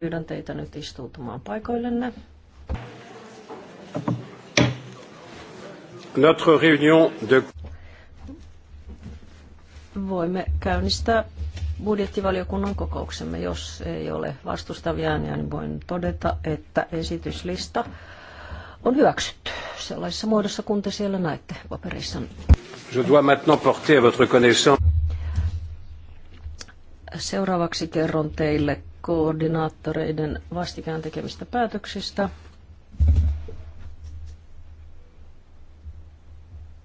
Pyydän teitä nyt istuutumaan paikoillenne. Notre réunion de... Voimme käynnistää budjettivaliokunnan kokouksemme. Jos ei ole vastustavia ääniä, niin voin todeta, että esityslista on hyväksytty sellaisessa muodossa, kun te siellä näette paperissa. Je dois maintenant porter à votre connaissance. Seuraavaksi kerron teille koordinaattoreiden vastikään tekemistä päätöksistä.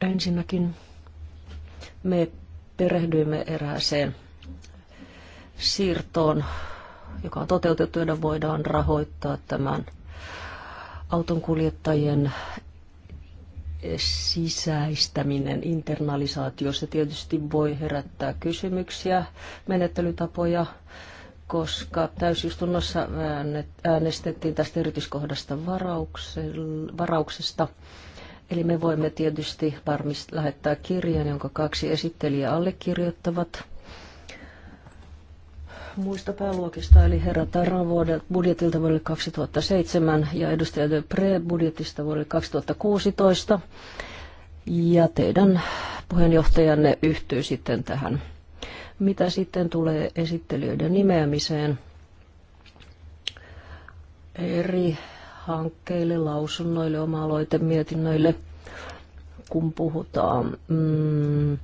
Ensinnäkin me perehdyimme erääseen siirtoon, joka on toteutettu, jota voidaan rahoittaa tämän autonkuljettajien sisäistäminen, internalisaatio, se tietysti voi herättää kysymyksiä, menettelytapoja, koska täysistunnossa äänestettiin tästä erityiskohdasta varauksesta. Eli me voimme tietysti varmist- lähettää kirjan, jonka kaksi esittelijää allekirjoittavat muista pääluokista, eli herra Taran budjetilta vuodelle 2007 ja edustaja De Pre budjetista vuodelle 2016. Ja teidän puheenjohtajanne yhtyy sitten tähän mitä sitten tulee esittelijöiden nimeämiseen? Eri hankkeille, lausunnoille, oma-aloitemietinnöille, kun puhutaan, mm,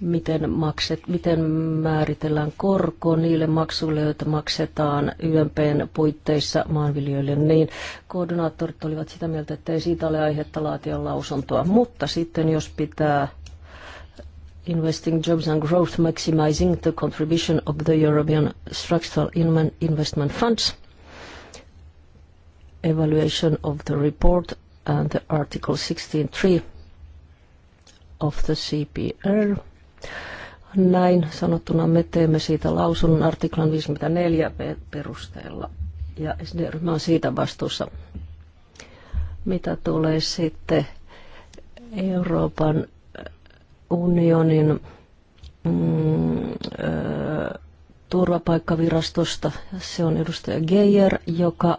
miten, makset, miten määritellään korko niille maksuille, joita maksetaan YMPn puitteissa maanviljelijöille, niin koordinaattorit olivat sitä mieltä, että ei siitä ole aihetta laatia lausuntoa. Mutta sitten jos pitää Investing Jobs and Growth, maximizing the contribution of the European Structural Investment Funds. Evaluation of the report and the Article 16.3 of the CPR. Näin sanottuna me teemme siitä lausunnon artiklan 54 perusteella ja SD-ryhmä on siitä vastuussa. Mitä tulee sitten Euroopan unionin mm, ö, turvapaikkavirastosta. Se on edustaja Geijer, joka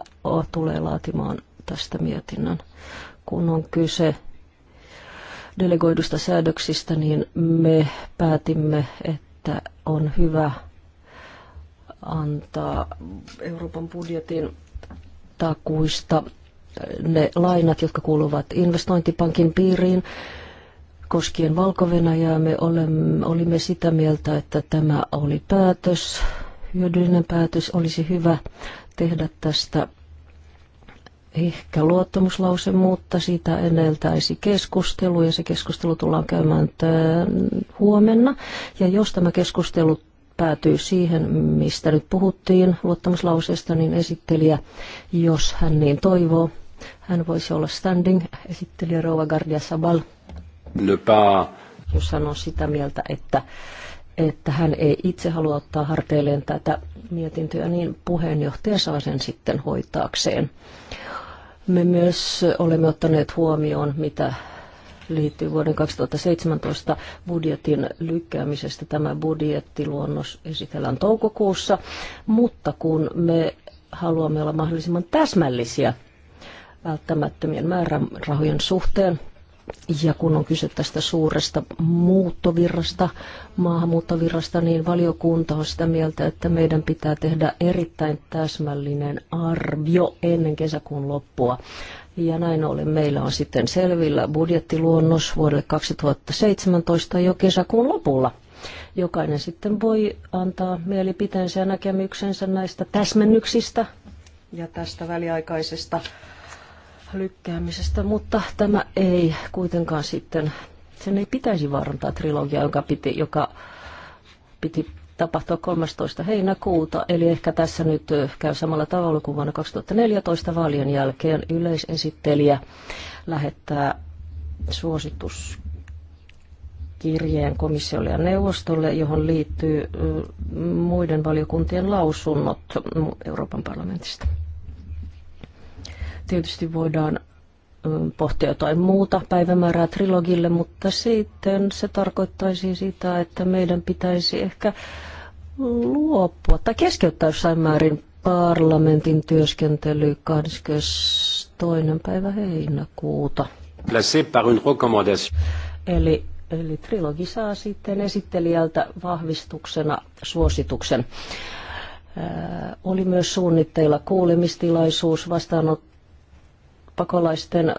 tulee laatimaan tästä mietinnön. Kun on kyse delegoidusta säädöksistä, niin me päätimme, että on hyvä antaa Euroopan budjetin takuista ne lainat, jotka kuuluvat investointipankin piiriin. Koskien valko me olemme, olimme sitä mieltä, että tämä oli päätös, hyödyllinen päätös, olisi hyvä tehdä tästä ehkä luottamuslause, mutta siitä eneltäisi keskustelu ja se keskustelu tullaan käymään huomenna. Ja jos tämä keskustelu päätyy siihen, mistä nyt puhuttiin luottamuslauseesta, niin esittelijä, jos hän niin toivoo, hän voisi olla standing esittelijä Rova Gardia Sabal hän on sitä mieltä, että, että hän ei itse halua ottaa harteilleen tätä mietintöä, niin puheenjohtaja saa sen sitten hoitaakseen. Me myös olemme ottaneet huomioon, mitä liittyy vuoden 2017 budjetin lykkäämisestä. Tämä budjettiluonnos esitellään toukokuussa, mutta kun me haluamme olla mahdollisimman täsmällisiä välttämättömien määrärahojen suhteen, ja kun on kyse tästä suuresta muuttovirrasta, maahanmuuttovirrasta, niin valiokunta on sitä mieltä, että meidän pitää tehdä erittäin täsmällinen arvio ennen kesäkuun loppua. Ja näin ollen meillä on sitten selvillä budjettiluonnos vuodelle 2017 jo kesäkuun lopulla. Jokainen sitten voi antaa mielipiteensä ja näkemyksensä näistä täsmennyksistä ja tästä väliaikaisesta lykkäämisestä, mutta tämä ei kuitenkaan sitten, sen ei pitäisi vaarantaa trilogia, joka piti, joka piti tapahtua 13. heinäkuuta, eli ehkä tässä nyt käy samalla tavalla kuin vuonna 2014 vaalien jälkeen yleisesittelijä lähettää suositus kirjeen komissiolle ja neuvostolle, johon liittyy muiden valiokuntien lausunnot Euroopan parlamentista. Tietysti voidaan pohtia jotain muuta päivämäärää trilogille, mutta sitten se tarkoittaisi sitä, että meidän pitäisi ehkä luopua tai keskeyttää jossain määrin parlamentin työskentely 22. päivä heinäkuuta. Eli, eli trilogi saa sitten esittelijältä vahvistuksena suosituksen. Oli myös suunnitteilla kuulemistilaisuus vastaanot pakolaisten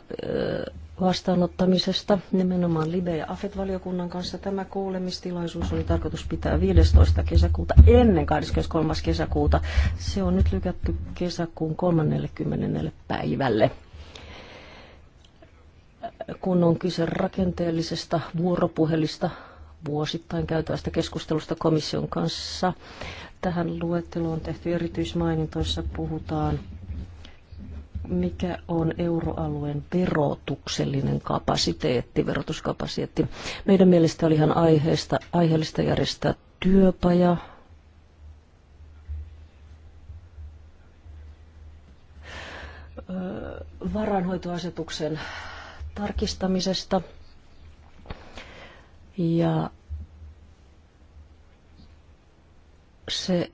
vastaanottamisesta nimenomaan Libe- ja AFET-valiokunnan kanssa. Tämä kuulemistilaisuus oli tarkoitus pitää 15. kesäkuuta ennen 23. kesäkuuta. Se on nyt lykätty kesäkuun 30. päivälle kun on kyse rakenteellisesta vuoropuhelista vuosittain käytävästä keskustelusta komission kanssa. Tähän luetteloon on tehty erityismainintoissa, puhutaan mikä on euroalueen verotuksellinen kapasiteetti, verotuskapasiteetti. Meidän mielestä oli ihan aiheesta, aiheellista järjestää työpaja. Varainhoitoasetuksen tarkistamisesta ja se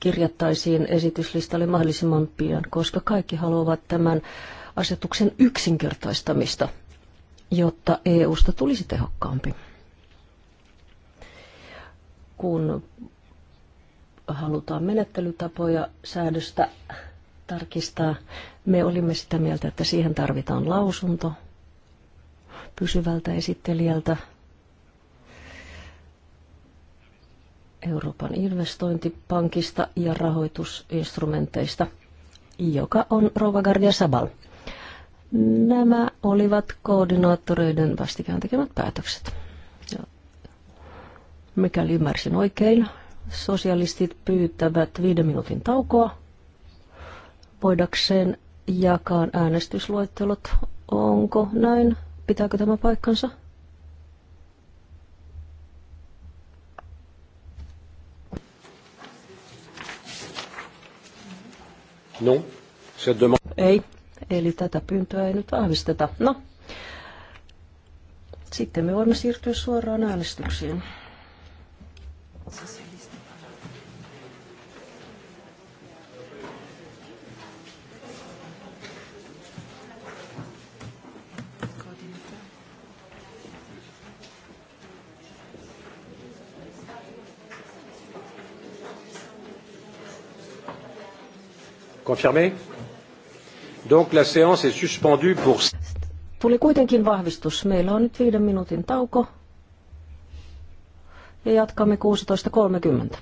kirjattaisiin esityslistalle mahdollisimman pian, koska kaikki haluavat tämän asetuksen yksinkertaistamista, jotta EUsta tulisi tehokkaampi. Kun halutaan menettelytapoja säädöstä tarkistaa, me olimme sitä mieltä, että siihen tarvitaan lausunto pysyvältä esittelijältä, Euroopan investointipankista ja rahoitusinstrumenteista, joka on Rova Gardia Sabal. Nämä olivat koordinaattoreiden vastikään tekemät päätökset. Mikäli ymmärsin oikein, sosialistit pyytävät viiden minuutin taukoa voidakseen jakaa äänestysluettelot. Onko näin? Pitääkö tämä paikkansa? Non. Se demande. Ei, eli tätä pyyntöä ei nyt vahvisteta. No, sitten me voimme siirtyä suoraan äänestyksiin. se. Confirmé? Donc la séance est suspendue pour... Tuli kuitenkin vahvistus. Meillä on nyt viiden minuutin tauko ja jatkamme 16.30.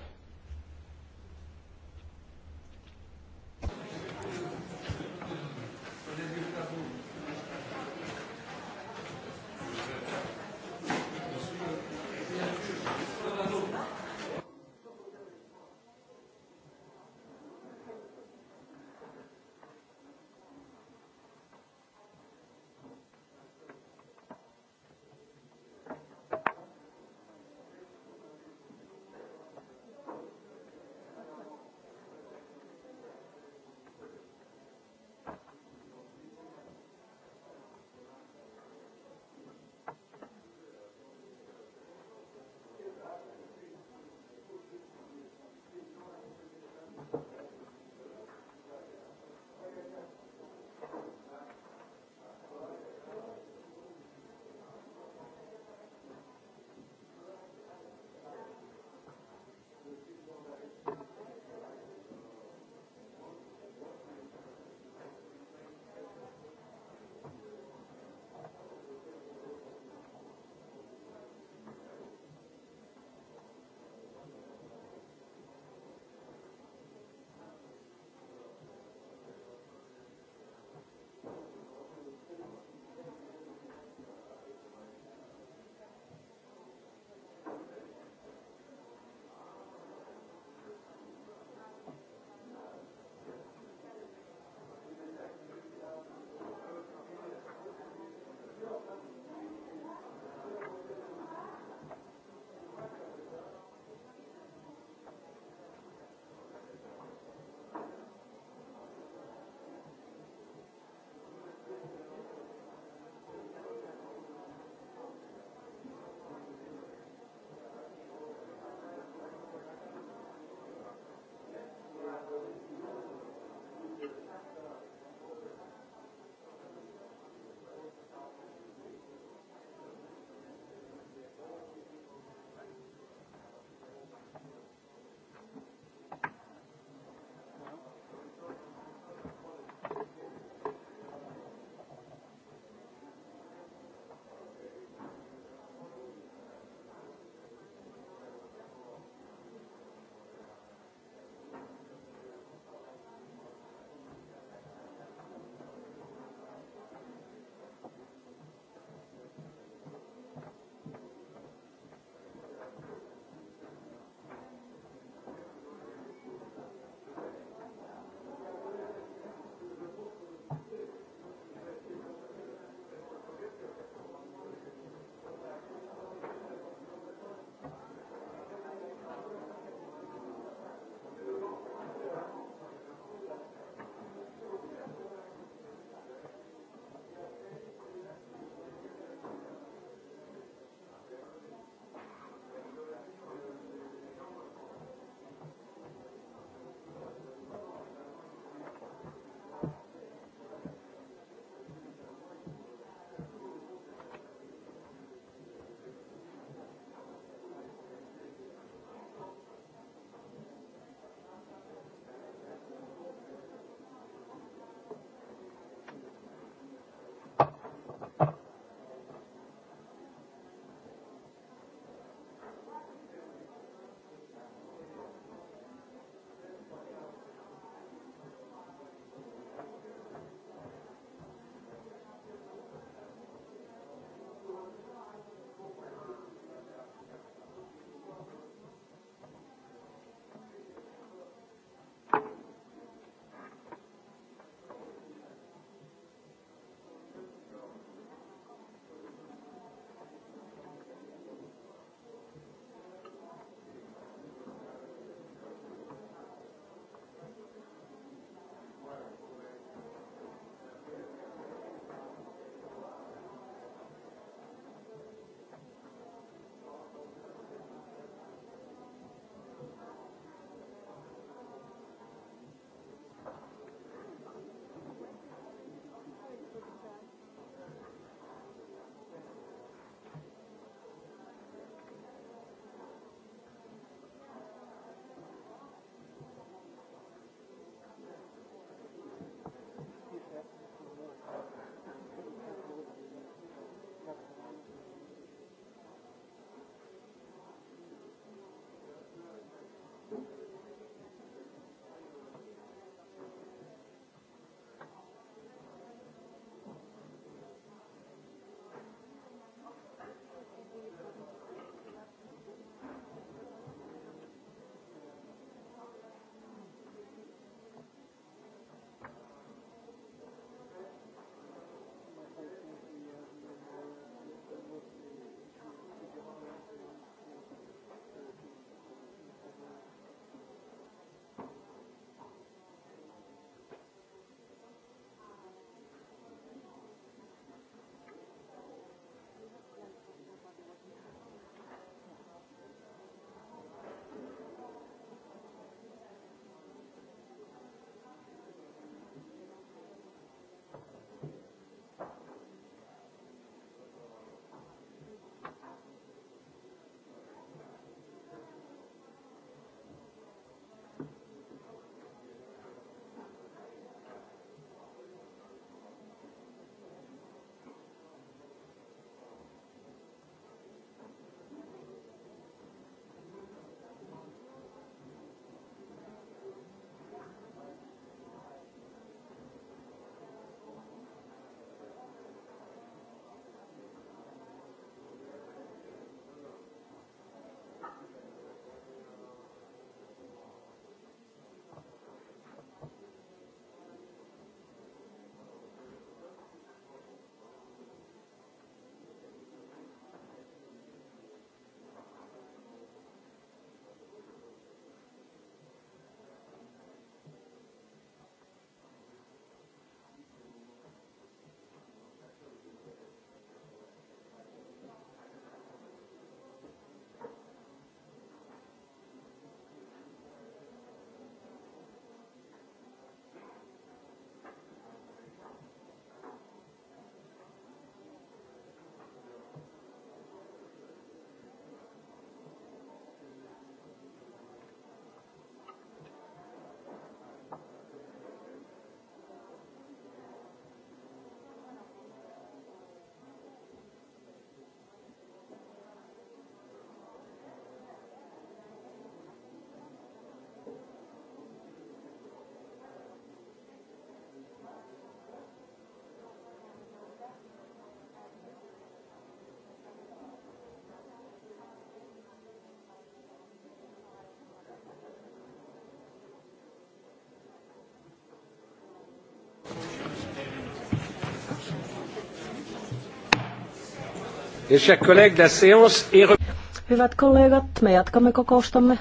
Hyvät kollegat, me jatkamme kokoustamme.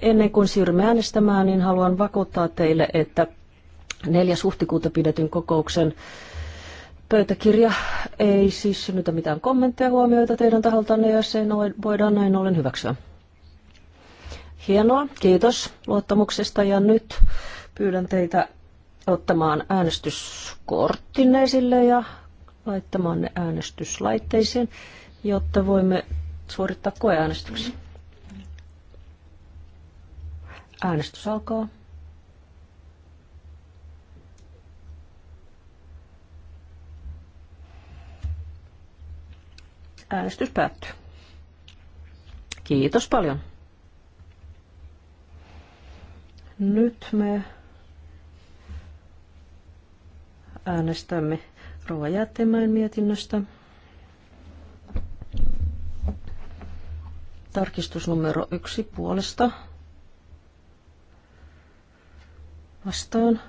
Ennen kuin siirrymme äänestämään, niin haluan vakuuttaa teille, että 4. huhtikuuta pidetyn kokouksen pöytäkirja ei siis synnytä mitään kommentteja huomioita teidän taholtanne, jos ei noin, voidaan näin ollen hyväksyä. Hienoa, kiitos luottamuksesta ja nyt pyydän teitä ottamaan äänestyskortin esille ja laittamaan ne äänestyslaitteisiin, jotta voimme suorittaa koeäänestyksen. Äänestys alkaa. Äänestys päättyy. Kiitos paljon. Nyt me Äänestämme Rouva Jättimäen mietinnöstä. Tarkistus numero yksi puolesta. Vastaan.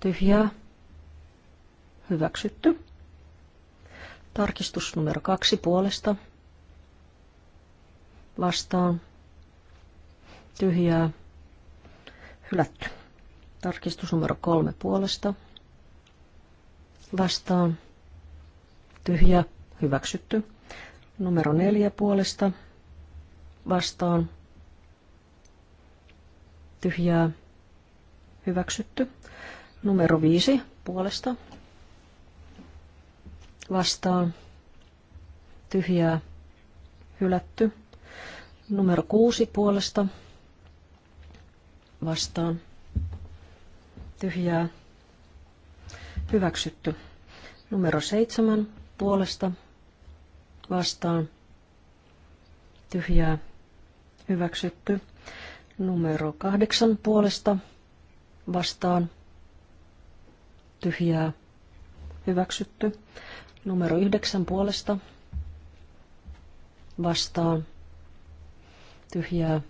Tyhjää. Hyväksytty. Tarkistus numero kaksi puolesta. Vastaan. Tyhjää. Hylätty. Tarkistus numero kolme puolesta. Vastaan. Tyhjä. Hyväksytty. Numero neljä puolesta. Vastaan. Tyhjää. Hyväksytty. Numero viisi puolesta. Vastaan. Tyhjää. Hylätty. Numero kuusi puolesta. Vastaan tyhjää hyväksytty. Numero seitsemän puolesta vastaan tyhjää hyväksytty. Numero kahdeksan puolesta vastaan tyhjää hyväksytty. Numero yhdeksän puolesta vastaan tyhjää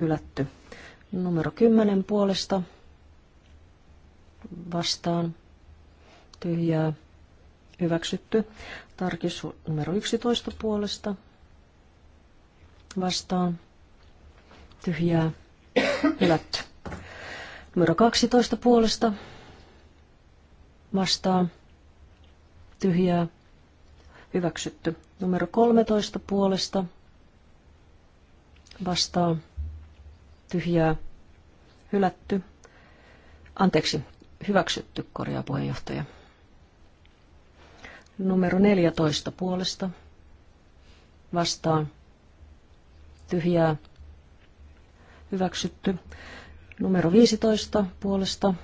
hylätty. Numero kymmenen puolesta vastaan vastaan tyhjää hyväksytty. Tarkistus numero 11 puolesta vastaan tyhjää hylätty. Numero 12 puolesta vastaan tyhjää hyväksytty. Numero 13 puolesta vastaan tyhjää hylätty. Anteeksi, hyväksytty, korjaa puheenjohtaja. Numero 14 puolesta vastaan tyhjää hyväksytty. Numero 15 puolesta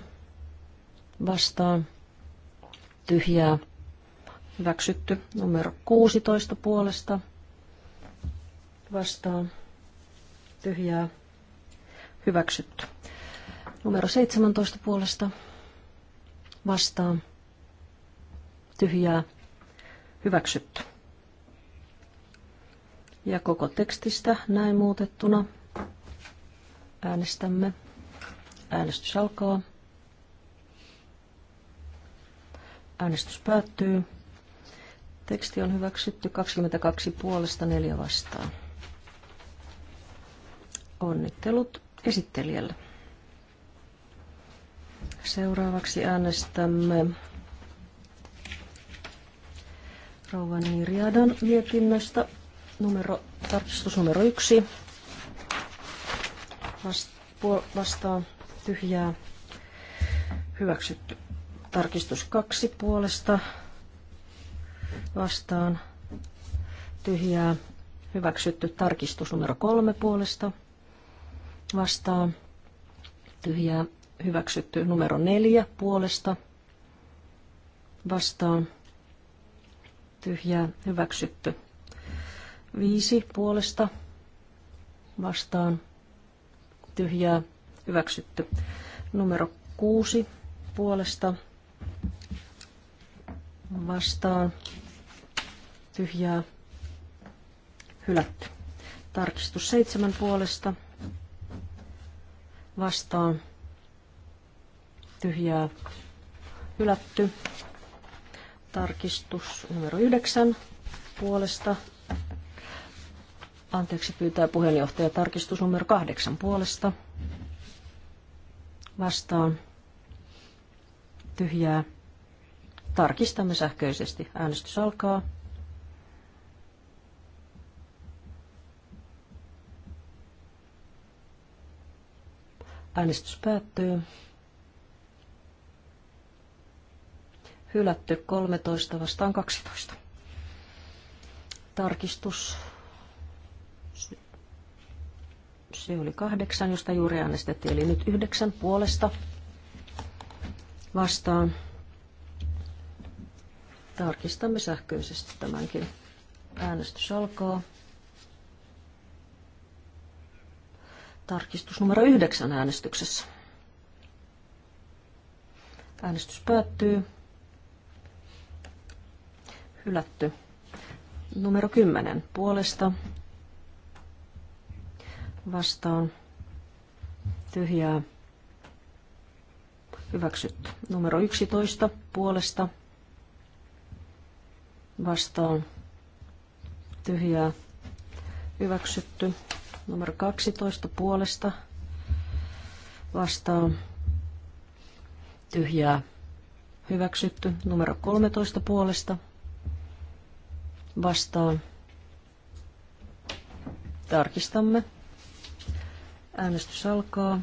vastaan tyhjää hyväksytty. Numero 16 puolesta vastaan tyhjää hyväksytty. Numero 17 puolesta vastaan tyhjää hyväksytty. Ja koko tekstistä näin muutettuna äänestämme. Äänestys alkaa. Äänestys päättyy. Teksti on hyväksytty 22 puolesta 4 vastaan. Onnittelut esittelijälle. Seuraavaksi äänestämme Rouva Niriadan mietinnöstä numero, tarkistus numero yksi. Vast, vastaan tyhjää hyväksytty. Tarkistus kaksi puolesta vastaan tyhjää hyväksytty. Tarkistus numero kolme puolesta vastaan tyhjää hyväksytty numero neljä puolesta vastaan tyhjää hyväksytty. Viisi puolesta vastaan tyhjää hyväksytty. Numero kuusi puolesta vastaan tyhjää hylätty. Tarkistus seitsemän puolesta vastaan tyhjää hylätty. Tarkistus numero 9 puolesta. Anteeksi pyytää puheenjohtaja tarkistus numero 8 puolesta. Vastaan tyhjää. Tarkistamme sähköisesti. Äänestys alkaa. Äänestys päättyy. hylätty 13 vastaan 12. Tarkistus. Se oli kahdeksan, josta juuri äänestettiin, eli nyt yhdeksän puolesta vastaan. Tarkistamme sähköisesti tämänkin. Äänestys alkaa. Tarkistus numero yhdeksän äänestyksessä. Äänestys päättyy hylätty. Numero 10 puolesta vastaan tyhjää hyväksytty. Numero 11 puolesta vastaan tyhjää hyväksytty. Numero 12 puolesta vastaan tyhjää hyväksytty. Numero 13 puolesta vastaan. Tarkistamme. Äänestys alkaa.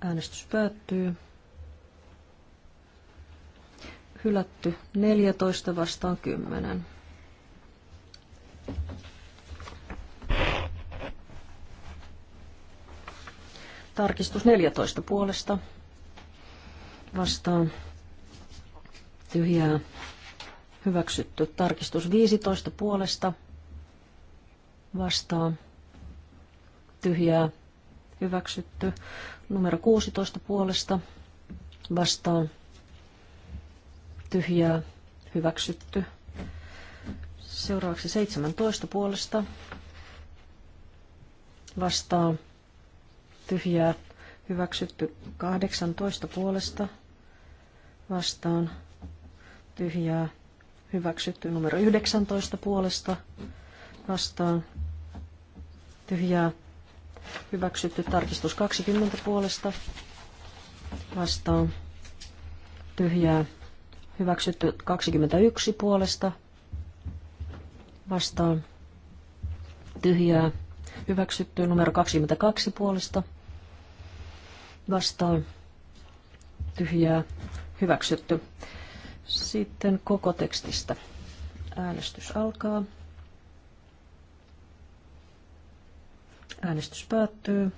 Äänestys päättyy. Hylätty 14 vastaan 10. Tarkistus 14 puolesta vastaan tyhjää hyväksytty. Tarkistus 15 puolesta vastaan tyhjää hyväksytty. Numero 16 puolesta vastaan tyhjää hyväksytty. Seuraavaksi 17 puolesta vastaan tyhjää Hyväksytty 18 puolesta vastaan tyhjää. Hyväksytty numero 19 puolesta vastaan tyhjää. Hyväksytty tarkistus 20 puolesta vastaan tyhjää. Hyväksytty 21 puolesta vastaan tyhjää. Hyväksytty numero 22 puolesta vastaan tyhjää hyväksytty. Sitten koko tekstistä. Äänestys alkaa. Äänestys päättyy.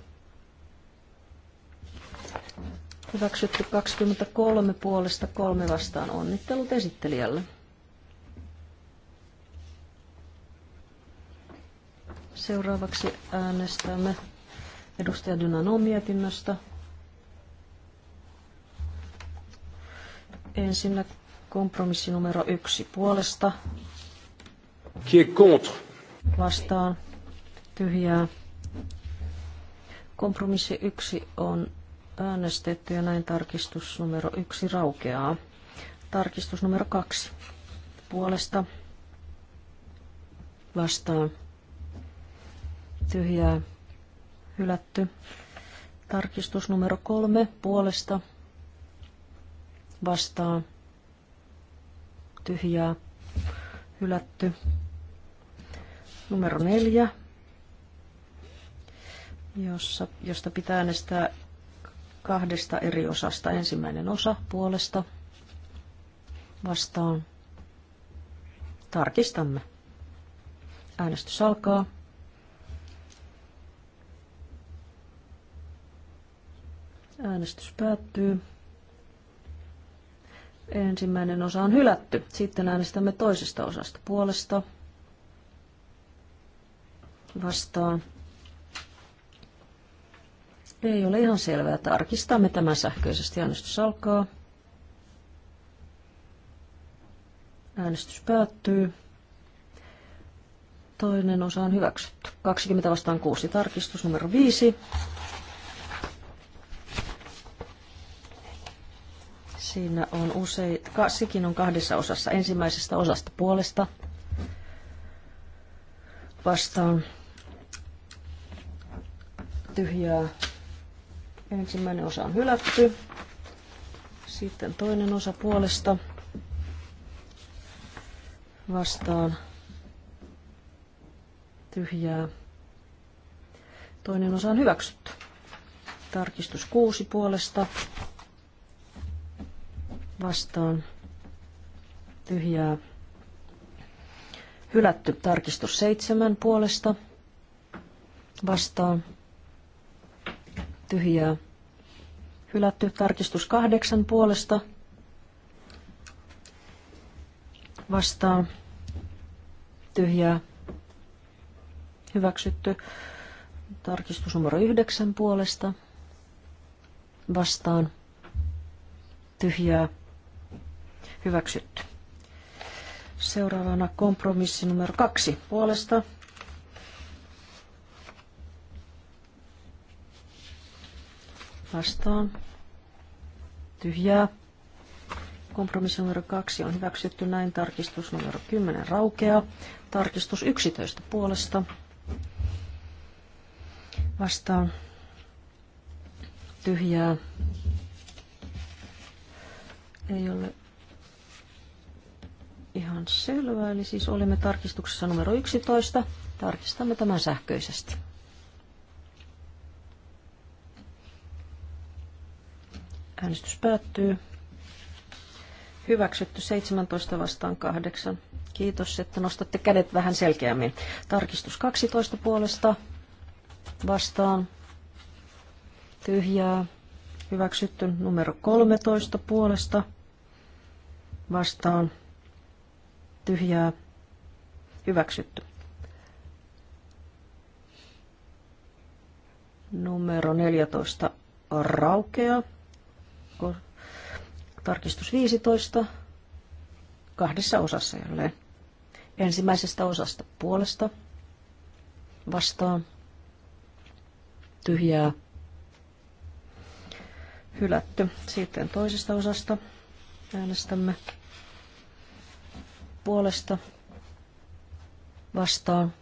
Hyväksytty 23 puolesta kolme vastaan. Onnittelut esittelijälle. Seuraavaksi äänestämme edustaja Dynanon mietinnöstä. Ensinnä kompromissi numero yksi puolesta. Qui est contre? Vastaan. Tyhjää. Kompromissi yksi on äänestetty ja näin tarkistus numero yksi raukeaa. Tarkistus numero kaksi. Puolesta. Vastaan. Tyhjää. Hylätty. Tarkistus numero kolme. Puolesta vastaan tyhjää hylätty. Numero neljä, jossa, josta pitää äänestää kahdesta eri osasta. Ensimmäinen osa puolesta vastaan. Tarkistamme. Äänestys alkaa. Äänestys päättyy. Ensimmäinen osa on hylätty. Sitten äänestämme toisesta osasta puolesta. Vastaan. Ei ole ihan selvää. Tarkistamme tämän sähköisesti. Äänestys alkaa. Äänestys päättyy. Toinen osa on hyväksytty. 20 vastaan 6. Tarkistus numero 5. Siinä on usein, sekin on kahdessa osassa. Ensimmäisestä osasta puolesta vastaan tyhjää. Ensimmäinen osa on hylätty. Sitten toinen osa puolesta vastaan tyhjää. Toinen osa on hyväksytty. Tarkistus kuusi puolesta vastaan tyhjää. Hylätty tarkistus seitsemän puolesta vastaan tyhjää. Hylätty tarkistus kahdeksan puolesta vastaan tyhjää. Hyväksytty tarkistus numero yhdeksän puolesta vastaan tyhjää hyväksytty. Seuraavana kompromissi numero kaksi puolesta. Vastaan. Tyhjää. Kompromissi numero kaksi on hyväksytty näin. Tarkistus numero 10 raukeaa. Tarkistus 11 puolesta. Vastaan. Tyhjää. Ei ole ihan selvä. Eli siis olimme tarkistuksessa numero 11. Tarkistamme tämän sähköisesti. Äänestys päättyy. Hyväksytty 17 vastaan 8. Kiitos, että nostatte kädet vähän selkeämmin. Tarkistus 12 puolesta vastaan. Tyhjää. Hyväksytty numero 13 puolesta vastaan tyhjää hyväksytty. Numero 14 raukea. Tarkistus 15 kahdessa osassa jälleen. Ensimmäisestä osasta puolesta vastaan tyhjää hylätty. Sitten toisesta osasta äänestämme puolesta vastaan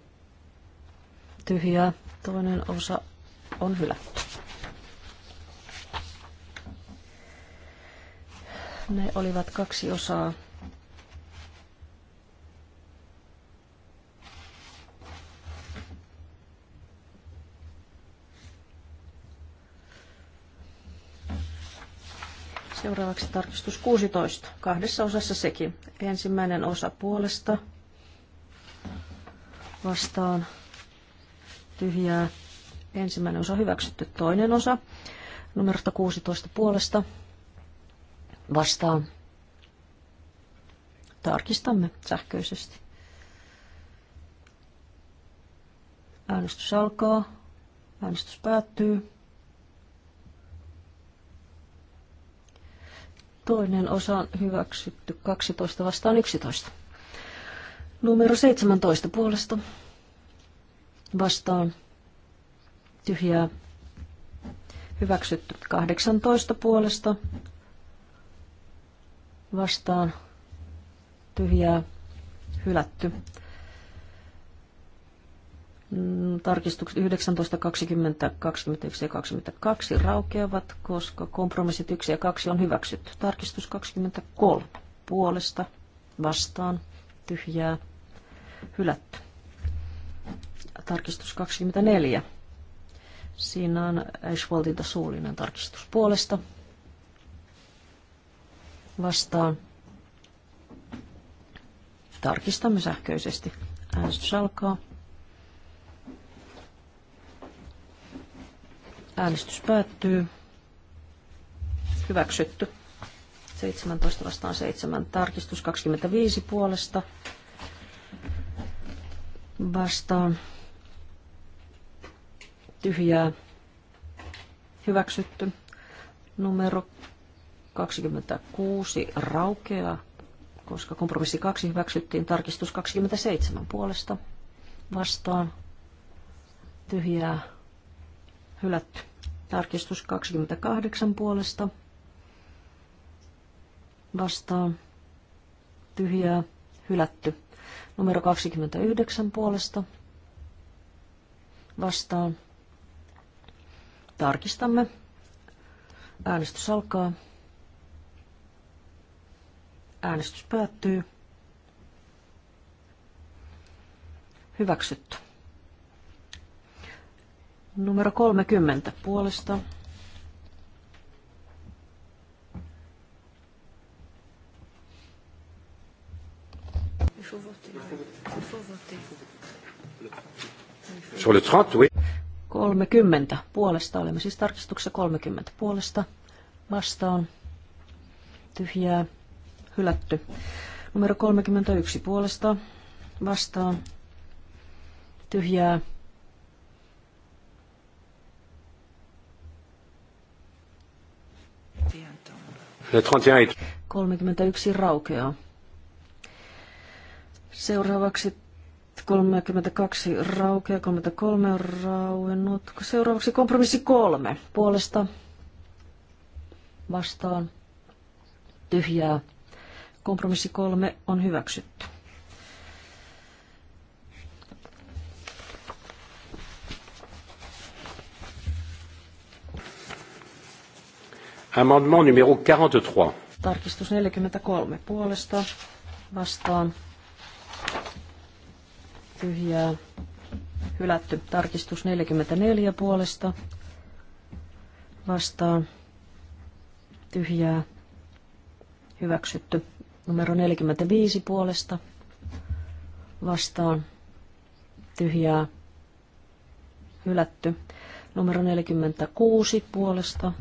tyhjää. Toinen osa on hylätty. Ne olivat kaksi osaa. Seuraavaksi tarkistus 16. Kahdessa osassa sekin. Ensimmäinen osa puolesta vastaan tyhjää. Ensimmäinen osa hyväksytty. Toinen osa numerosta 16 puolesta vastaan. Tarkistamme sähköisesti. Äänestys alkaa. Äänestys päättyy. Toinen osa on hyväksytty 12 vastaan 11. Numero 17 puolesta vastaan tyhjää hyväksytty 18 puolesta vastaan tyhjää hylätty Mm, tarkistukset 19, 20, 21 ja 22 raukeavat, koska kompromissit 1 ja 2 on hyväksytty. Tarkistus 23 puolesta vastaan tyhjää hylätty. Tarkistus 24. Siinä on Ashwaldilta suullinen tarkistus puolesta vastaan. Tarkistamme sähköisesti. Äänestys alkaa. Äänestys päättyy. Hyväksytty. 17 vastaan 7. Tarkistus 25 puolesta. Vastaan. Tyhjää. Hyväksytty. Numero 26 raukeaa, koska kompromissi 2 hyväksyttiin. Tarkistus 27 puolesta. Vastaan. Tyhjää. Hylätty. Tarkistus 28 puolesta. Vastaan. Tyhjää. Hylätty. Numero 29 puolesta. Vastaan. Tarkistamme. Äänestys alkaa. Äänestys päättyy. Hyväksytty. Numero 30 puolesta. Sur le 30, oui. 30 puolesta. Olemme siis tarkistuksessa 30 puolesta. Vastaan. Tyhjää. Hylätty. Numero 31 puolesta. Vastaan. Tyhjää 31 raukeaa. Seuraavaksi 32 raukeaa, 33 on rauennut. Seuraavaksi kompromissi 3 Puolesta vastaan tyhjää. Kompromissi 3 on hyväksytty. Amendement numero 43. Tarkistus 43 puolesta vastaan. Tyhjää. Hylätty. Tarkistus 44 puolesta vastaan. Tyhjää. Hyväksytty. Numero 45 puolesta vastaan. Tyhjää. Hylätty. Numero 46 puolesta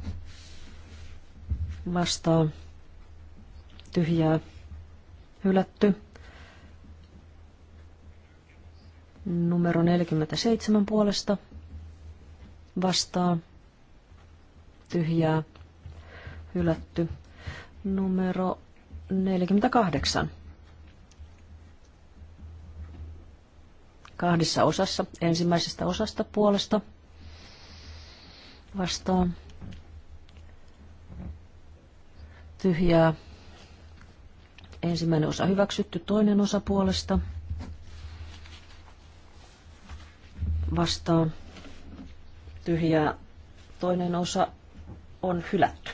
vastaan tyhjää hylätty. Numero 47 puolesta vastaan tyhjää hylätty. Numero 48. Kahdessa osassa, ensimmäisestä osasta puolesta vastaan tyhjää. Ensimmäinen osa hyväksytty, toinen osa puolesta vastaan tyhjää. Toinen osa on hylätty.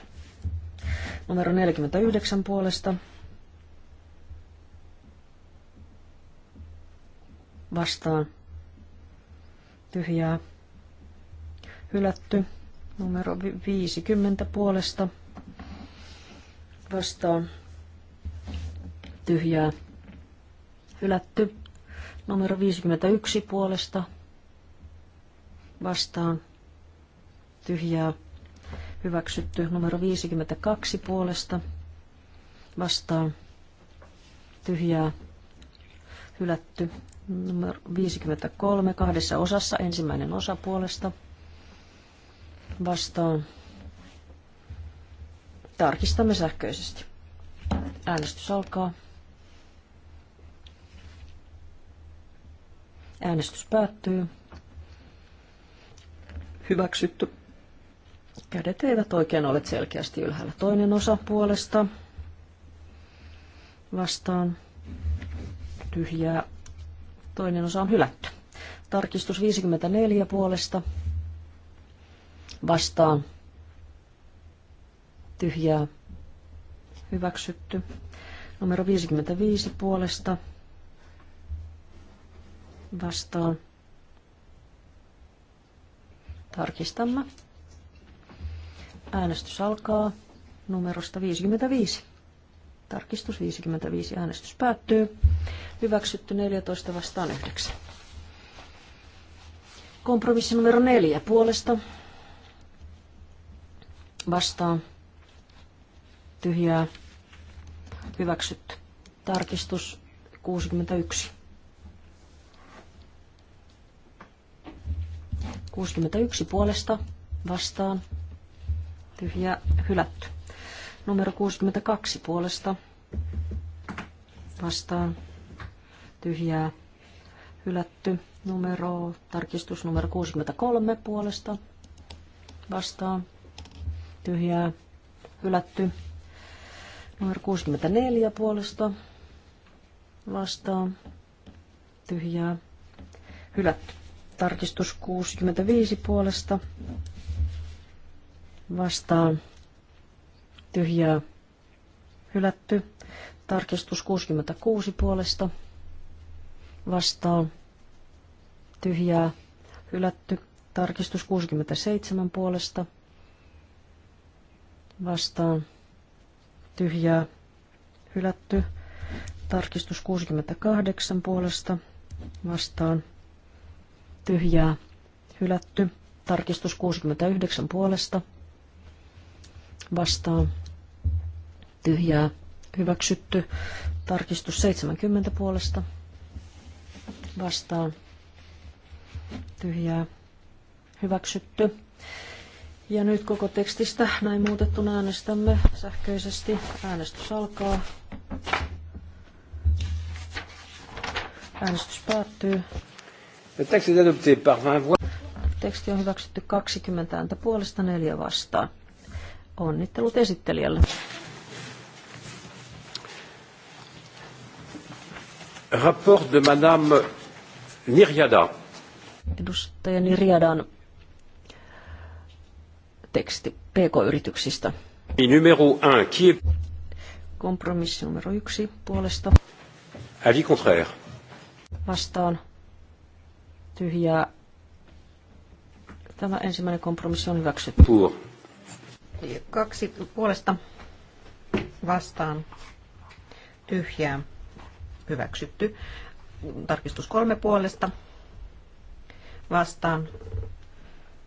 Numero 49 puolesta vastaan tyhjää. Hylätty. Numero 50 puolesta vastaan tyhjää hylätty. Numero 51 puolesta vastaan tyhjää hyväksytty. Numero 52 puolesta vastaan tyhjää hylätty. Numero 53 kahdessa osassa ensimmäinen osa puolesta vastaan Tarkistamme sähköisesti. Äänestys alkaa. Äänestys päättyy. Hyväksytty. Kädet eivät oikein ole selkeästi ylhäällä. Toinen osa puolesta vastaan tyhjää. Toinen osa on hylätty. Tarkistus 54 puolesta vastaan tyhjää hyväksytty. Numero 55 puolesta vastaan. Tarkistamme. Äänestys alkaa numerosta 55. Tarkistus 55. Äänestys päättyy. Hyväksytty 14 vastaan 9. Kompromissi numero 4 puolesta. Vastaan tyhjää hyväksytty. Tarkistus 61. 61 puolesta vastaan tyhjä hylätty. Numero 62 puolesta vastaan tyhjää hylätty. Numero, tarkistus numero 63 puolesta vastaan tyhjää hylätty. Numero 64 puolesta vastaan. Tyhjää. Hylätty. Tarkistus 65 puolesta vastaan. Tyhjää. Hylätty. Tarkistus 66 puolesta vastaan. Tyhjää. Hylätty. Tarkistus 67 puolesta vastaan tyhjää hylätty. Tarkistus 68 puolesta vastaan tyhjää hylätty. Tarkistus 69 puolesta vastaan tyhjää hyväksytty. Tarkistus 70 puolesta vastaan tyhjää hyväksytty. Ja nyt koko tekstistä näin muutettuna äänestämme sähköisesti. Äänestys alkaa. Äänestys päättyy. Teksti on hyväksytty 20 ääntä puolesta, neljä vastaan. Onnittelut esittelijälle. Rapport de Madame Niriada. Edustaja Niriadan teksti PK-yrityksistä. Niin, kompromissi numero yksi puolesta. Avi contraire. Vastaan. Tyhjää. Tämä ensimmäinen kompromissi on hyväksytty. Pour. Kaksi puolesta vastaan. Tyhjää. Hyväksytty. Tarkistus kolme puolesta vastaan.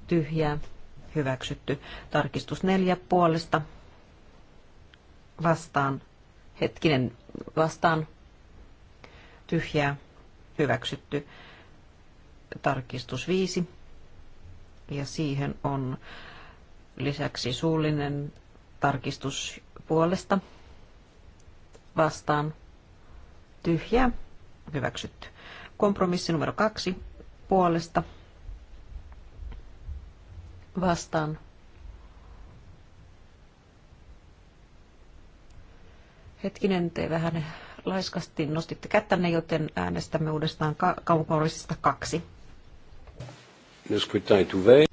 Tyhjää hyväksytty. Tarkistus neljä puolesta vastaan, hetkinen vastaan, tyhjää, hyväksytty. Tarkistus viisi ja siihen on lisäksi suullinen tarkistus puolesta vastaan, tyhjää, hyväksytty. Kompromissi numero kaksi puolesta vastaan. Hetkinen, te vähän laiskasti nostitte kättänne, joten äänestämme uudestaan kaupallisista kaksi.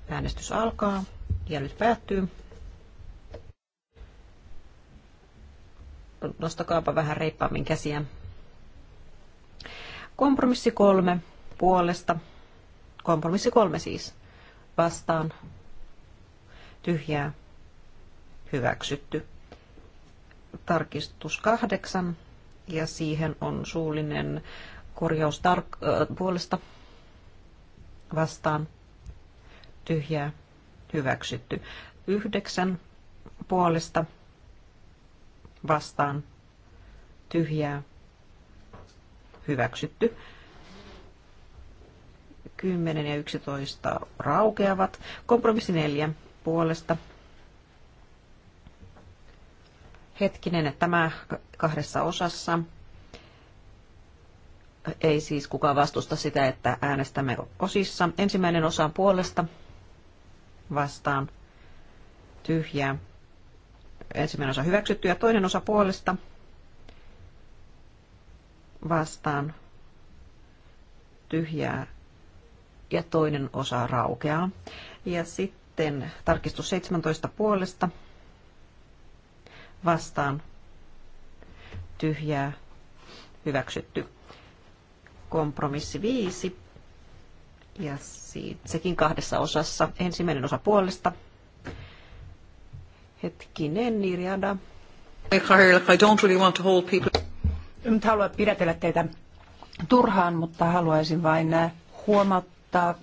Äänestys alkaa ja nyt päättyy. Nostakaapa vähän reippaammin käsiä. Kompromissi kolme puolesta. Kompromissi kolme siis. Vastaan tyhjää, hyväksytty. Tarkistus kahdeksan ja siihen on suullinen korjaus tar- puolesta vastaan tyhjää hyväksytty. Yhdeksän puolesta vastaan tyhjää hyväksytty. 10 ja 11 raukeavat. Kompromissi 4 puolesta. Hetkinen, tämä kahdessa osassa. Ei siis kukaan vastusta sitä, että äänestämme osissa. Ensimmäinen osa on puolesta vastaan tyhjää. Ensimmäinen osa hyväksytty ja toinen osa puolesta vastaan tyhjää ja toinen osa raukeaa. Ja sitten sitten tarkistus 17 puolesta vastaan tyhjää hyväksytty. Kompromissi 5 ja siitä, sekin kahdessa osassa. Ensimmäinen osa puolesta. Hetkinen, Nirjada. I don't really want to hold people. En halua pidätellä teitä turhaan, mutta haluaisin vain huomauttaa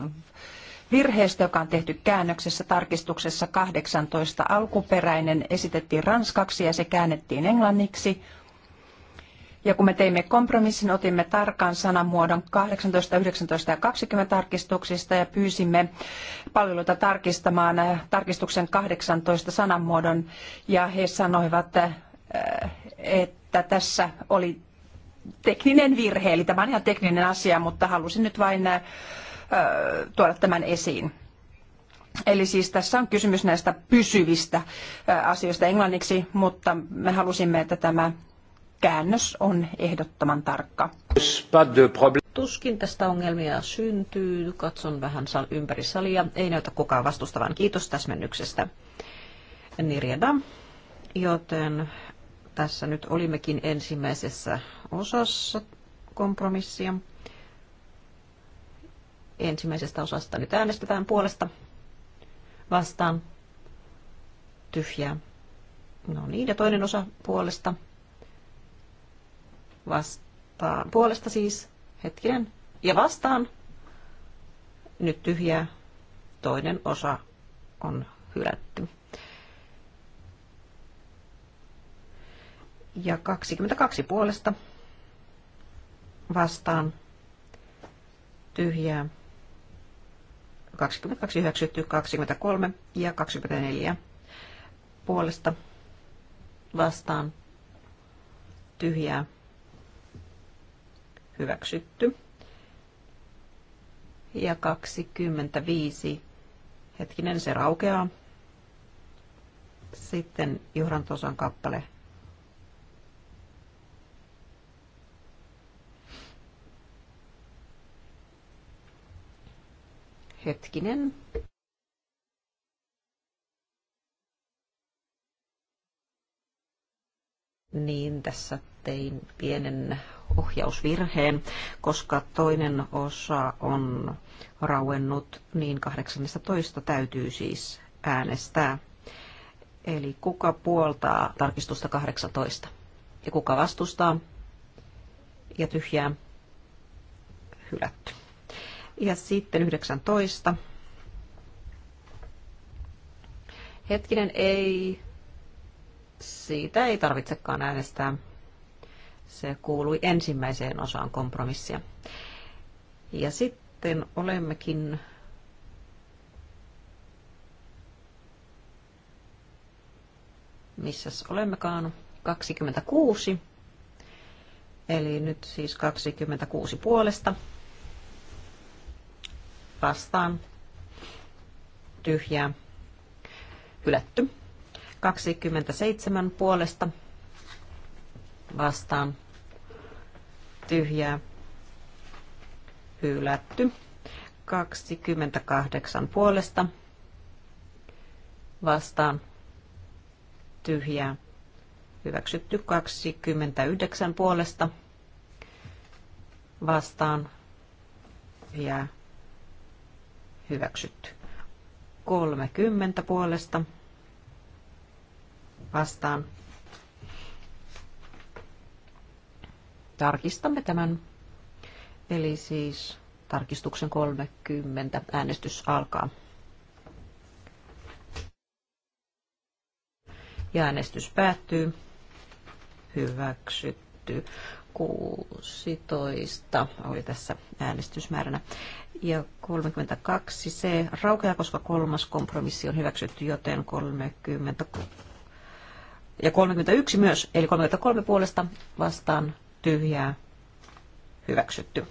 virheestä, joka on tehty käännöksessä tarkistuksessa 18. Alkuperäinen esitettiin ranskaksi ja se käännettiin englanniksi. Ja kun me teimme kompromissin, otimme tarkan sanamuodon 18, 19 ja 20 tarkistuksista ja pyysimme palveluita tarkistamaan äh, tarkistuksen 18 sanamuodon. Ja he sanoivat, äh, että tässä oli tekninen virhe, eli tämä on ihan tekninen asia, mutta halusin nyt vain äh, tuoda tämän esiin. Eli siis tässä on kysymys näistä pysyvistä asioista englanniksi, mutta me halusimme, että tämä käännös on ehdottoman tarkka. Tuskin tästä ongelmia syntyy. Katson vähän ympäri salia. Ei näytä kukaan vastustavan. Kiitos täsmennyksestä. Nirjada. Joten tässä nyt olimmekin ensimmäisessä osassa kompromissia ensimmäisestä osasta. Nyt äänestetään puolesta vastaan tyhjää. No niin, ja toinen osa puolesta vastaan. Puolesta siis, hetkinen, ja vastaan. Nyt tyhjää. Toinen osa on hylätty. Ja 22 puolesta vastaan tyhjää 22 23 ja 24 puolesta vastaan tyhjää hyväksytty. Ja 25, hetkinen, se raukeaa. Sitten johdantosan kappale Hetkinen. Niin, tässä tein pienen ohjausvirheen, koska toinen osa on rauennut, niin 18 täytyy siis äänestää. Eli kuka puoltaa tarkistusta 18 ja kuka vastustaa ja tyhjää hylätty. Ja sitten 19. Hetkinen, ei. Siitä ei tarvitsekaan äänestää. Se kuului ensimmäiseen osaan kompromissia. Ja sitten olemmekin missäs olemmekaan, 26. Eli nyt siis 26 puolesta vastaan tyhjää hylätty. 27 puolesta vastaan tyhjää hylätty. 28 puolesta vastaan tyhjää hyväksytty. 29 puolesta vastaan tyhjää hyväksytty. 30 puolesta vastaan. Tarkistamme tämän. Eli siis tarkistuksen 30 äänestys alkaa. Ja äänestys päättyy. Hyväksytty. 16 oli tässä äänestysmääränä. Ja 32 se raukeaa, koska kolmas kompromissi on hyväksytty, joten 30 ja 31 myös, eli 33 puolesta vastaan tyhjää hyväksytty.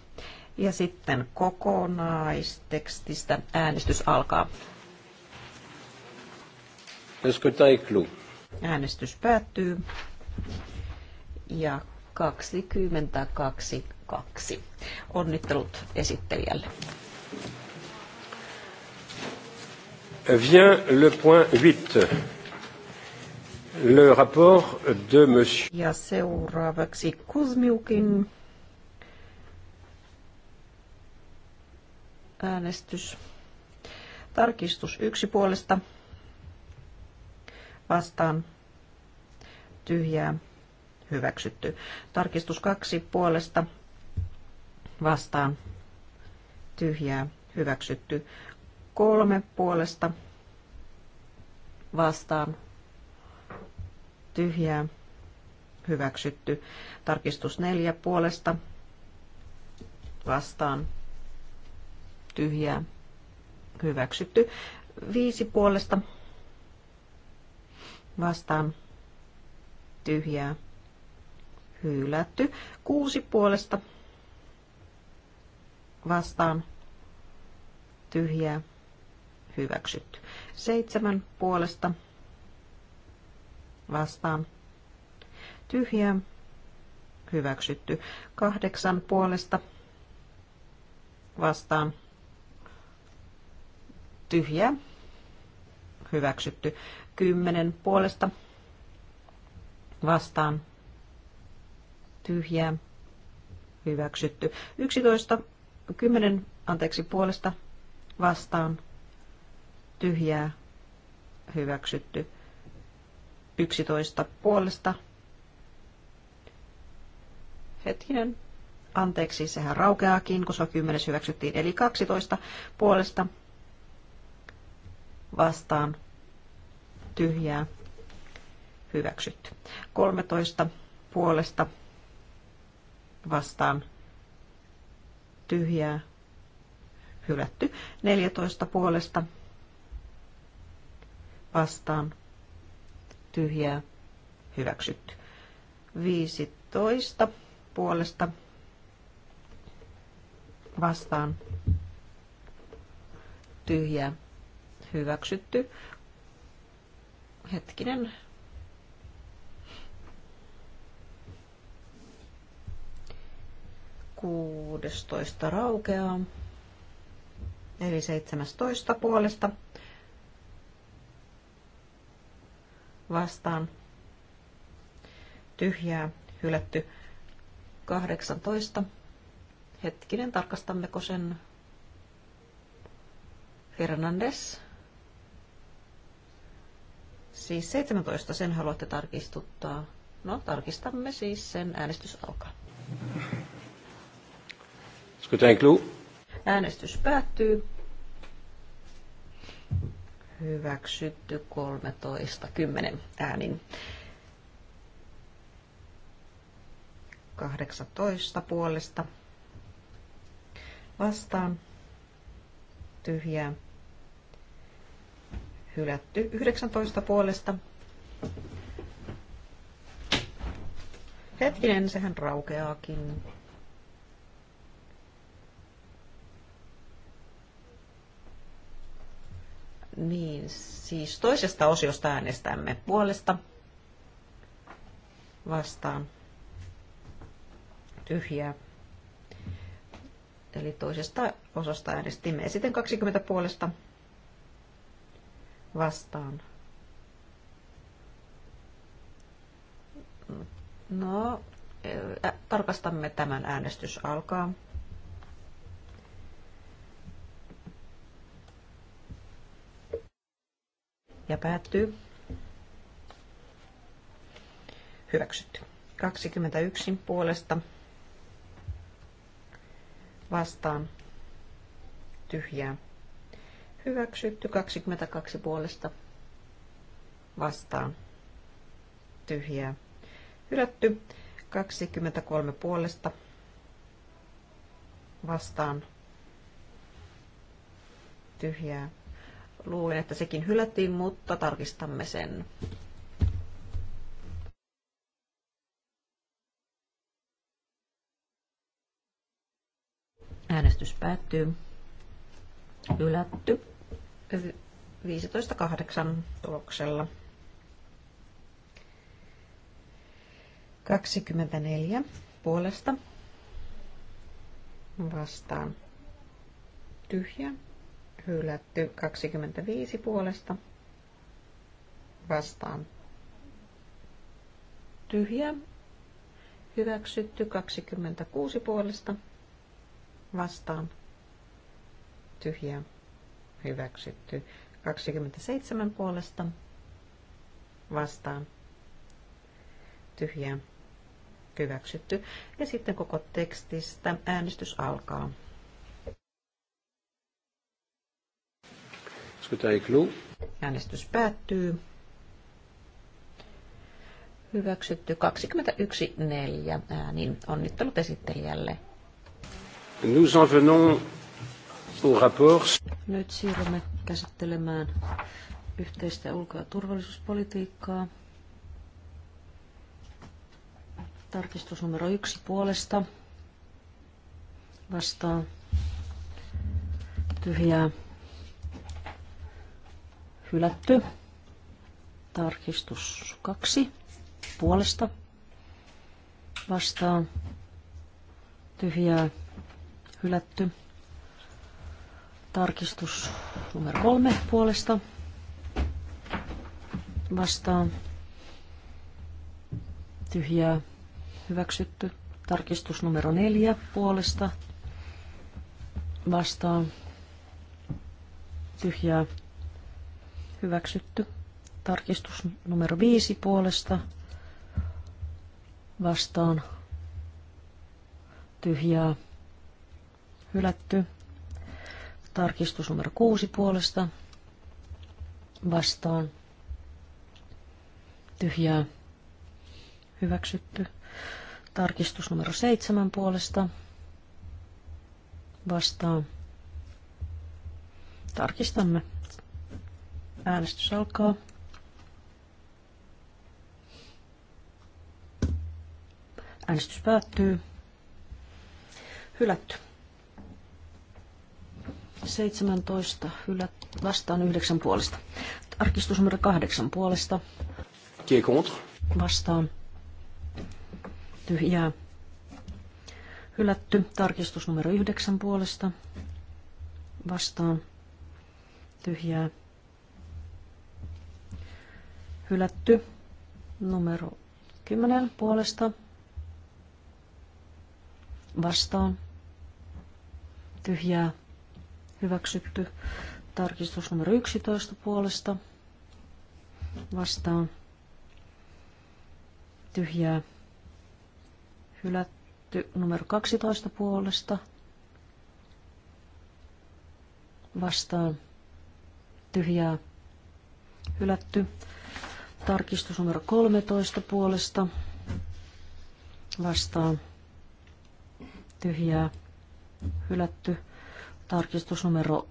Ja sitten kokonaistekstistä äänestys alkaa. Äänestys päättyy. Ja 22.2. Onnittelut esittelijälle. Vient le point 8. Le rapport de monsieur. Ja seuraavaksi Kuzmiukin äänestys. Tarkistus yksi puolesta vastaan tyhjää hyväksytty. Tarkistus kaksi puolesta vastaan tyhjää hyväksytty. Kolme puolesta vastaan tyhjää hyväksytty. Tarkistus neljä puolesta vastaan tyhjää hyväksytty. Viisi puolesta vastaan tyhjää hylätty. Kuusi puolesta vastaan tyhjää hyväksytty. Seitsemän puolesta vastaan tyhjää hyväksytty. Kahdeksan puolesta vastaan tyhjää hyväksytty. Kymmenen puolesta vastaan tyhjää, hyväksytty. 11, 10, anteeksi, puolesta vastaan, tyhjää, hyväksytty. 11 puolesta. Hetkinen, anteeksi, sehän raukeaakin, koska 10 hyväksyttiin, eli 12 puolesta vastaan tyhjää hyväksytty. 13 puolesta vastaan vastaan tyhjää hylätty. 14 puolesta vastaan tyhjää hyväksytty. 15 puolesta vastaan tyhjää hyväksytty. Hetkinen, 16 raukeaa, eli 17 puolesta vastaan tyhjää hylätty 18. Hetkinen, tarkastammeko sen Fernandes. Siis 17, sen haluatte tarkistuttaa. No, tarkistamme siis sen. Äänestys alkaa. Scrutin clos. Äänestys päättyy. Hyväksytty 13, 10 äänin. 18 puolesta vastaan tyhjää. Hylätty 19 puolesta. Hetkinen, sehän raukeaakin. Niin, siis toisesta osiosta äänestämme puolesta vastaan tyhjää. Eli toisesta osasta äänestimme. Sitten 20 puolesta vastaan. No, tarkastamme tämän äänestys alkaa. ja päättyy. Hyväksytty. 21 puolesta vastaan tyhjää. Hyväksytty 22 puolesta vastaan tyhjää. Hylätty 23 puolesta vastaan tyhjää. Luulin, että sekin hylättiin, mutta tarkistamme sen. Äänestys päättyy. Hylätty. 15.8 tuloksella. 24 puolesta vastaan tyhjä hylätty 25 puolesta vastaan tyhjä hyväksytty 26 puolesta vastaan tyhjä hyväksytty 27 puolesta vastaan tyhjä hyväksytty ja sitten koko tekstistä äänestys alkaa. Äänestys päättyy. Hyväksytty 21.4 äänin. Onnittelut esittelijälle. Nous en venons au rapport. Nyt siirrymme käsittelemään yhteistä ulko- ja turvallisuuspolitiikkaa. Tarkistus numero yksi puolesta. Vastaan tyhjää hylätty. Tarkistus kaksi puolesta vastaan tyhjää hylätty. Tarkistus numero kolme puolesta vastaan tyhjää hyväksytty. Tarkistus numero neljä puolesta vastaan tyhjää Hyväksytty. Tarkistus numero viisi puolesta. Vastaan. Tyhjää. Hylätty. Tarkistus numero kuusi puolesta. Vastaan. Tyhjää. Hyväksytty. Tarkistus numero seitsemän puolesta. Vastaan. Tarkistamme. Äänestys alkaa. Äänestys päättyy. Hylätty. 17 hylät, vastaan 9 puolesta. Arkistus numero 8 puolesta. Qui Vastaan. Tyhjää. Hylätty. Tarkistus numero 9 puolesta. Vastaan. Tyhjää hylätty. Numero 10 puolesta vastaan tyhjää hyväksytty. Tarkistus numero 11 puolesta vastaan tyhjää hylätty. Numero 12 puolesta vastaan tyhjää hylätty. Tarkistus numero 13 puolesta vastaan tyhjää hylätty. Tarkistus numero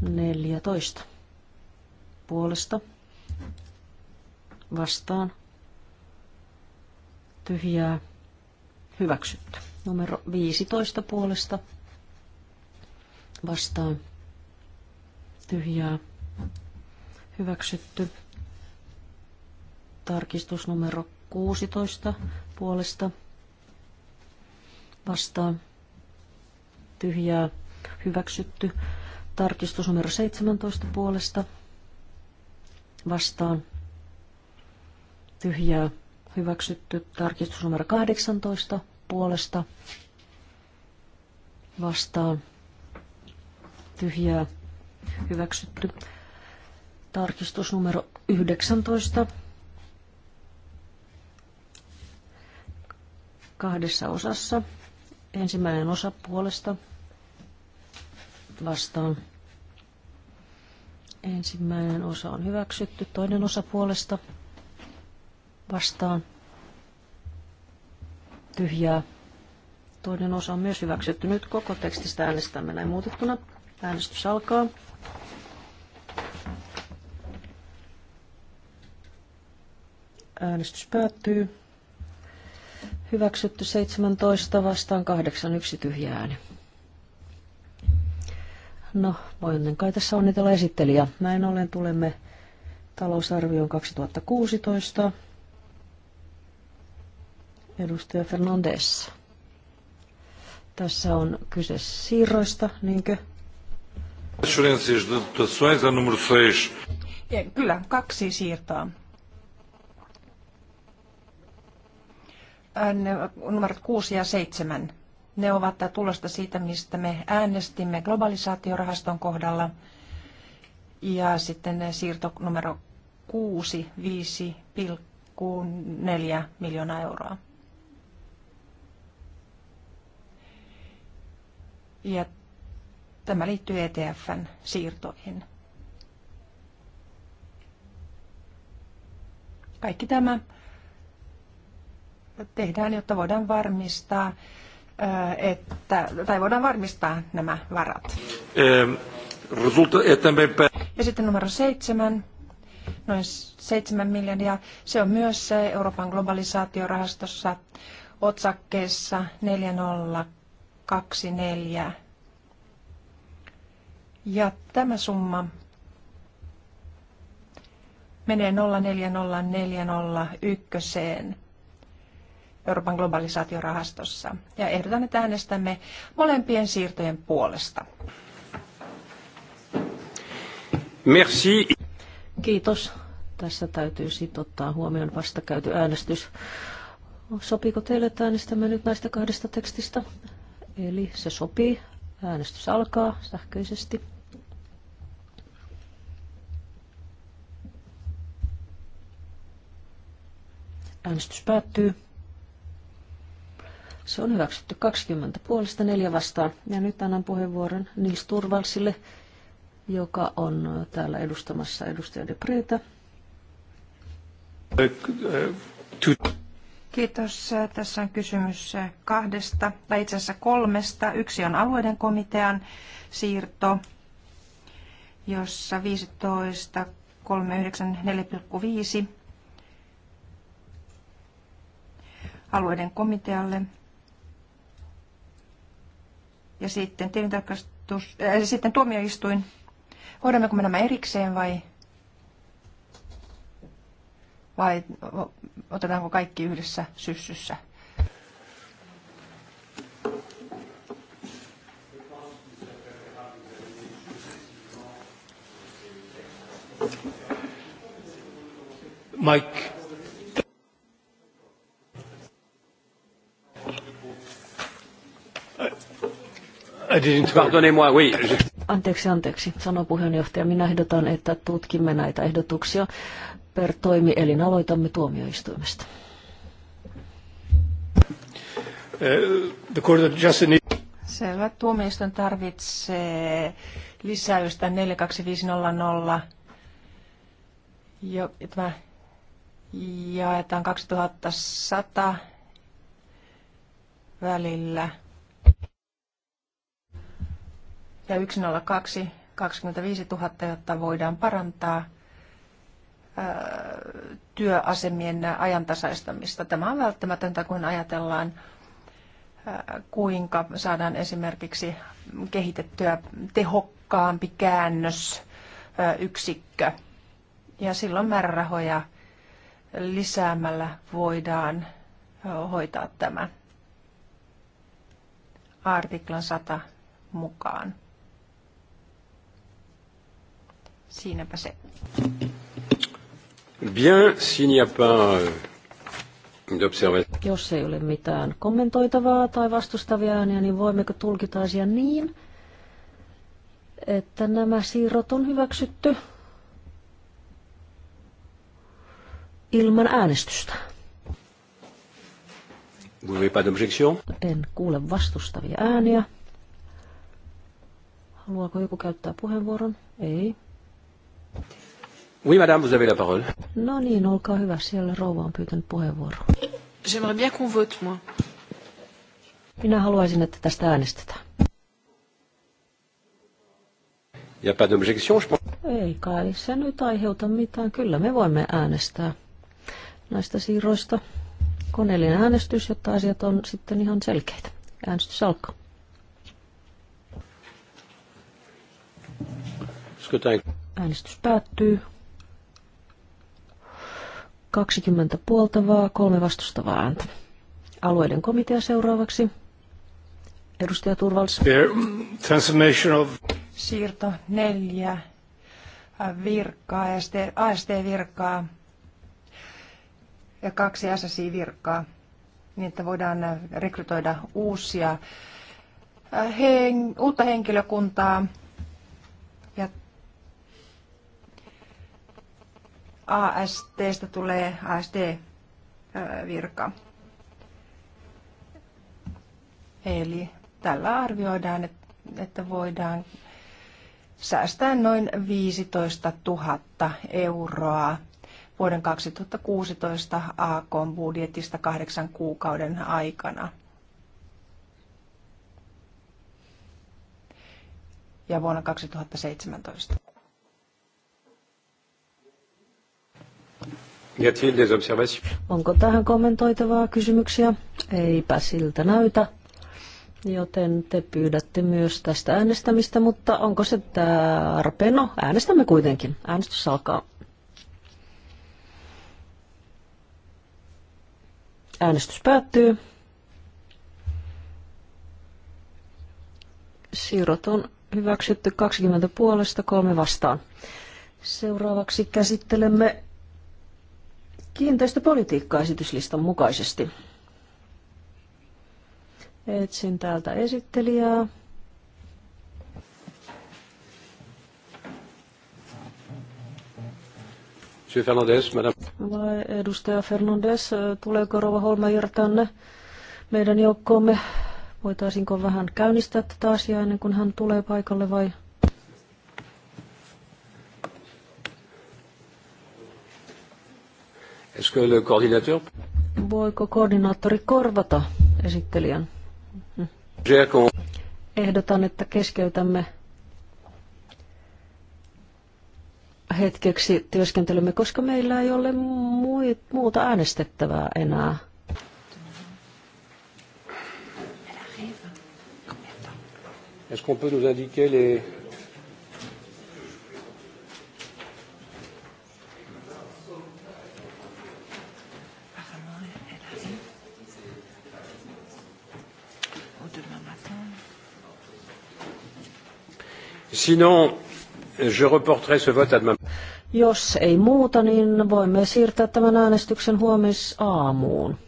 14 puolesta vastaan tyhjää hyväksytty. Numero 15 puolesta vastaan tyhjää hyväksytty. Tarkistus numero 16 puolesta vastaan tyhjää hyväksytty. Tarkistus numero 17 puolesta vastaan tyhjää hyväksytty. Tarkistus numero 18 puolesta vastaan tyhjää hyväksytty. Tarkistus numero 19 kahdessa osassa. Ensimmäinen osa puolesta vastaan. Ensimmäinen osa on hyväksytty, toinen osa puolesta vastaan. Tyhjää. Toinen osa on myös hyväksytty. Nyt koko tekstistä äänestämme näin muutettuna. Äänestys alkaa. Äänestys päättyy. Hyväksytty 17 vastaan 8, yksi tyhjä ääni. No, ennen kai tässä onnitella esittelijä. Näin ollen tulemme talousarvioon 2016. Edustaja Fernandes. Tässä on kyse siirroista, niinkö? Kyllä, kaksi siirtoa. numerot 6 ja 7. Ne ovat tulosta siitä, mistä me äänestimme globalisaatiorahaston kohdalla. Ja sitten siirto numero 6, 5,4 miljoonaa euroa. Ja tämä liittyy ETFn siirtoihin. Kaikki tämä tehdään, jotta voidaan varmistaa, että, tai voidaan varmistaa nämä varat. Ja sitten numero seitsemän, noin seitsemän miljardia. Se on myös Euroopan globalisaatiorahastossa otsakkeessa 4024. Ja tämä summa menee 04041. Euroopan globalisaatiorahastossa. Ja ehdotan, että äänestämme molempien siirtojen puolesta. Merci. Kiitos. Tässä täytyy sitten ottaa huomioon vasta käyty äänestys. Sopiiko teille, että äänestämme nyt näistä kahdesta tekstistä? Eli se sopii. Äänestys alkaa sähköisesti. Äänestys päättyy. Se on hyväksytty 20 puolesta neljä vastaan. Ja nyt annan puheenvuoron Nils Turvalsille, joka on täällä edustamassa edustaja De Preetä. Kiitos. Tässä on kysymys kahdesta, tai itse asiassa kolmesta. Yksi on alueiden komitean siirto, jossa 15 394,5 alueiden komitealle ja sitten tilintarkastus, äh, sitten tuomioistuin. Hoidammeko me nämä erikseen vai, vai otetaanko kaikki yhdessä syssyssä? Mike, Anteeksi, anteeksi, sanoo puheenjohtaja. Minä ehdotan, että tutkimme näitä ehdotuksia per toimi eli Aloitamme tuomioistuimesta. Uh, Selvä. Tuomioistuin tarvitsee lisäystä 42500, jo, jaetaan 2100 välillä – ja 102 25 000, jotta voidaan parantaa työasemien ajantasaistamista. Tämä on välttämätöntä, kun ajatellaan, kuinka saadaan esimerkiksi kehitettyä tehokkaampi käännösyksikkö. Ja silloin määrärahoja lisäämällä voidaan hoitaa tämä artiklan 100 mukaan. Siinäpä se. Bien, s'il n'y a pas euh, Jos ei ole mitään kommentoitavaa tai vastustavia ääniä, niin voimmeko tulkita asian niin, että nämä siirrot on hyväksytty ilman äänestystä? En kuule vastustavia ääniä. Haluaako joku käyttää puheenvuoron? Ei. Oui, madame, vous avez la parole. No niin, olkaa hyvä. Siellä rouva on pyytänyt puheenvuoroa. J'aimerais bien qu'on vote, moi. Minä haluaisin, että tästä äänestetään. Y a pas d'objection, je pense. Ei kai se nyt aiheuta mitään. Kyllä me voimme äänestää näistä siirroista. Koneellinen äänestys, jotta asiat on sitten ihan selkeitä. Äänestys alkaa. Skutain. Äänestys päättyy. 20 puoltavaa, kolme vastustavaa ääntä. Alueiden komitea seuraavaksi. Edustaja Turvals. Siirto neljä äh, virkaa, AST-virkaa ja kaksi ssi virkkaa niin että voidaan äh, rekrytoida uusia, äh, uutta henkilökuntaa ASTstä tulee ast virka Eli tällä arvioidaan, että voidaan säästää noin 15 000 euroa vuoden 2016 AK-budjetista kahdeksan kuukauden aikana. Ja vuonna 2017. Onko tähän kommentoitavaa kysymyksiä? Eipä siltä näytä. Joten te pyydätte myös tästä äänestämistä, mutta onko se tarpeen? No, äänestämme kuitenkin. Äänestys alkaa. Äänestys päättyy. Siirrot on hyväksytty 20 puolesta, kolme vastaan. Seuraavaksi käsittelemme Kiinteistöpolitiikka esityslistan mukaisesti. Etsin täältä esittelijää. Monsieur Fernandez, madame. Edustaja Fernandes, tuleeko Rova Holmeijer tänne meidän joukkoomme? Voitaisinko vähän käynnistää tätä asiaa ennen kuin hän tulee paikalle vai Voiko koordinaattori korvata esittelijän? Hm. Ehdotan, että keskeytämme hetkeksi työskentelymme, koska meillä ei ole muuta äänestettävää enää. Est-ce qu'on peut nous indiquer les, Sinon, je reporterai ce vote à demain. Jos ei muuta, niin voimme siirtää tämän äänestyksen huomisaamuun.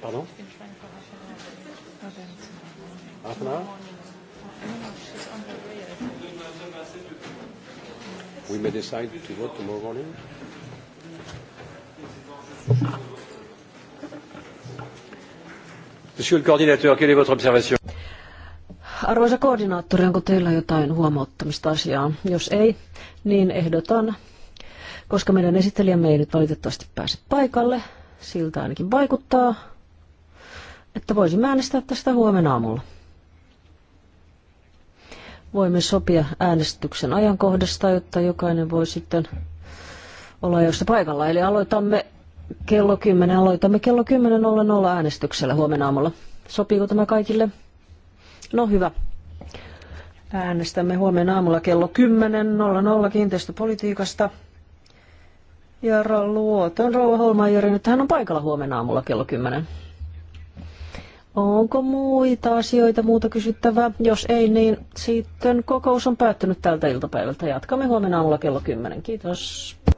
Pardon? Afna? We may decide to vote tomorrow morning. Monsieur le coordinateur, quelle est votre observation? Arvoisa koordinaattori, onko teillä jotain huomauttamista asiaa? Jos ei, niin ehdotan, koska meidän esittelijämme ei nyt valitettavasti pääse paikalle, siltä ainakin vaikuttaa, että voisimme äänestää tästä huomenna aamulla. Voimme sopia äänestyksen ajankohdasta, jotta jokainen voi sitten olla jossa paikalla. Eli aloitamme kello 10 aloitamme kello 10.00 äänestyksellä huomenna aamulla. Sopiiko tämä kaikille? No hyvä. Äänestämme huomenna aamulla kello 10.00 kiinteistöpolitiikasta. Jarra luoton Rouva Holmajari, nyt hän on paikalla huomenna aamulla kello 10. Onko muita asioita, muuta kysyttävää? Jos ei, niin sitten kokous on päättynyt tältä iltapäivältä. Jatkamme huomenna aamulla kello 10. Kiitos.